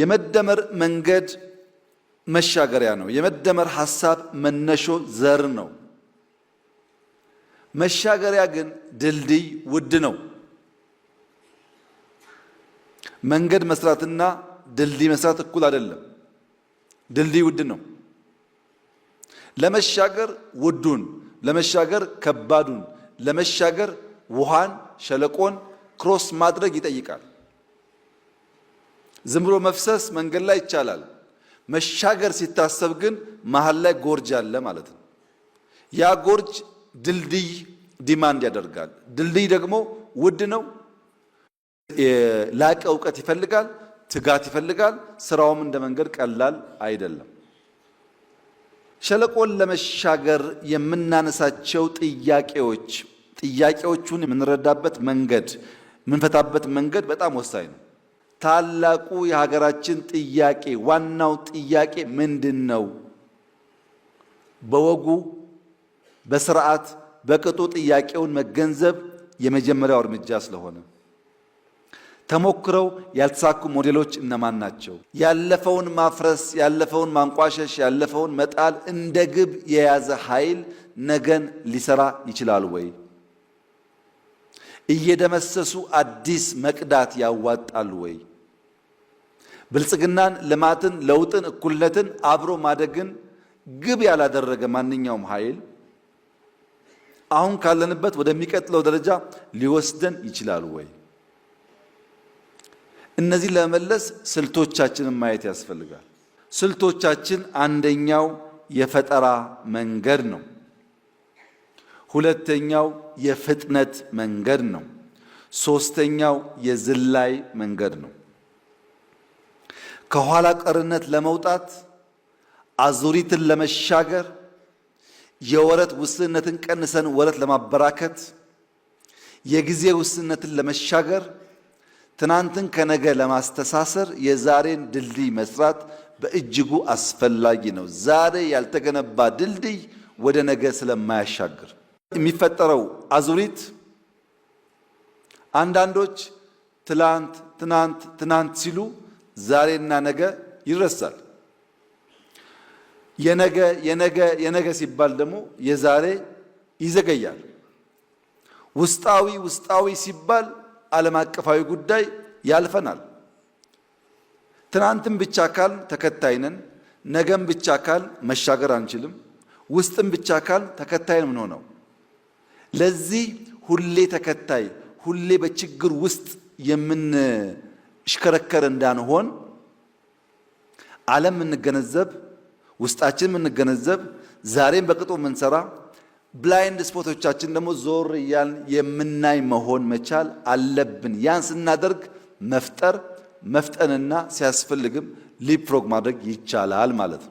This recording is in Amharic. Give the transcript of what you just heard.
የመደመር መንገድ መሻገሪያ ነው። የመደመር ሐሳብ መነሾ ዘር ነው። መሻገሪያ ግን ድልድይ ውድ ነው። መንገድ መስራትና ድልድይ መስራት እኩል አይደለም። ድልድይ ውድ ነው። ለመሻገር ውዱን፣ ለመሻገር ከባዱን፣ ለመሻገር ውሃን፣ ሸለቆን ክሮስ ማድረግ ይጠይቃል። ዝም ብሎ መፍሰስ መንገድ ላይ ይቻላል። መሻገር ሲታሰብ ግን መሀል ላይ ጎርጅ አለ ማለት ነው። ያ ጎርጅ ድልድይ ዲማንድ ያደርጋል። ድልድይ ደግሞ ውድ ነው፣ ላቀ እውቀት ይፈልጋል፣ ትጋት ይፈልጋል። ስራውም እንደ መንገድ ቀላል አይደለም። ሸለቆን ለመሻገር የምናነሳቸው ጥያቄዎች ጥያቄዎቹን የምንረዳበት መንገድ የምንፈታበት መንገድ በጣም ወሳኝ ነው። ታላቁ የሀገራችን ጥያቄ ዋናው ጥያቄ ምንድን ነው? በወጉ በስርዓት በቅጡ ጥያቄውን መገንዘብ የመጀመሪያው እርምጃ ስለሆነ ተሞክረው ያልተሳኩ ሞዴሎች እነማን ናቸው? ያለፈውን ማፍረስ፣ ያለፈውን ማንቋሸሽ፣ ያለፈውን መጣል እንደ ግብ የያዘ ኃይል ነገን ሊሰራ ይችላል ወይ? እየደመሰሱ አዲስ መቅዳት ያዋጣል ወይ? ብልጽግናን፣ ልማትን፣ ለውጥን፣ እኩልነትን፣ አብሮ ማደግን ግብ ያላደረገ ማንኛውም ኃይል አሁን ካለንበት ወደሚቀጥለው ደረጃ ሊወስደን ይችላል ወይ? እነዚህ ለመመለስ ስልቶቻችንን ማየት ያስፈልጋል። ስልቶቻችን አንደኛው የፈጠራ መንገድ ነው። ሁለተኛው የፍጥነት መንገድ ነው። ሶስተኛው የዝላይ መንገድ ነው። ከኋላ ቀርነት ለመውጣት አዙሪትን ለመሻገር የወረት ውስንነትን ቀንሰን ወረት ለማበራከት የጊዜ ውስንነትን ለመሻገር ትናንትን ከነገ ለማስተሳሰር የዛሬን ድልድይ መስራት በእጅጉ አስፈላጊ ነው። ዛሬ ያልተገነባ ድልድይ ወደ ነገ ስለማያሻግር የሚፈጠረው አዙሪት አንዳንዶች ትላንት ትናንት ትናንት ሲሉ ዛሬና ነገ ይረሳል። የነገ የነገ የነገ ሲባል ደግሞ የዛሬ ይዘገያል። ውስጣዊ ውስጣዊ ሲባል ዓለም አቀፋዊ ጉዳይ ያልፈናል። ትናንትም ብቻ ካል ተከታይነን ነገም ብቻ ካል መሻገር አንችልም። ውስጥም ብቻ ካል ተከታይን ምን ሆነው ለዚህ ሁሌ ተከታይ ሁሌ በችግር ውስጥ የምን ሽከረከር እንዳንሆን ዓለም የምንገነዘብ ውስጣችን የምንገነዘብ ዛሬም በቅጡ የምንሰራ ብላይንድ ስፖቶቻችን ደግሞ ዞር እያልን የምናይ መሆን መቻል አለብን። ያን ስናደርግ መፍጠር መፍጠንና ሲያስፈልግም ሊፕሮግ ማድረግ ይቻላል ማለት ነው።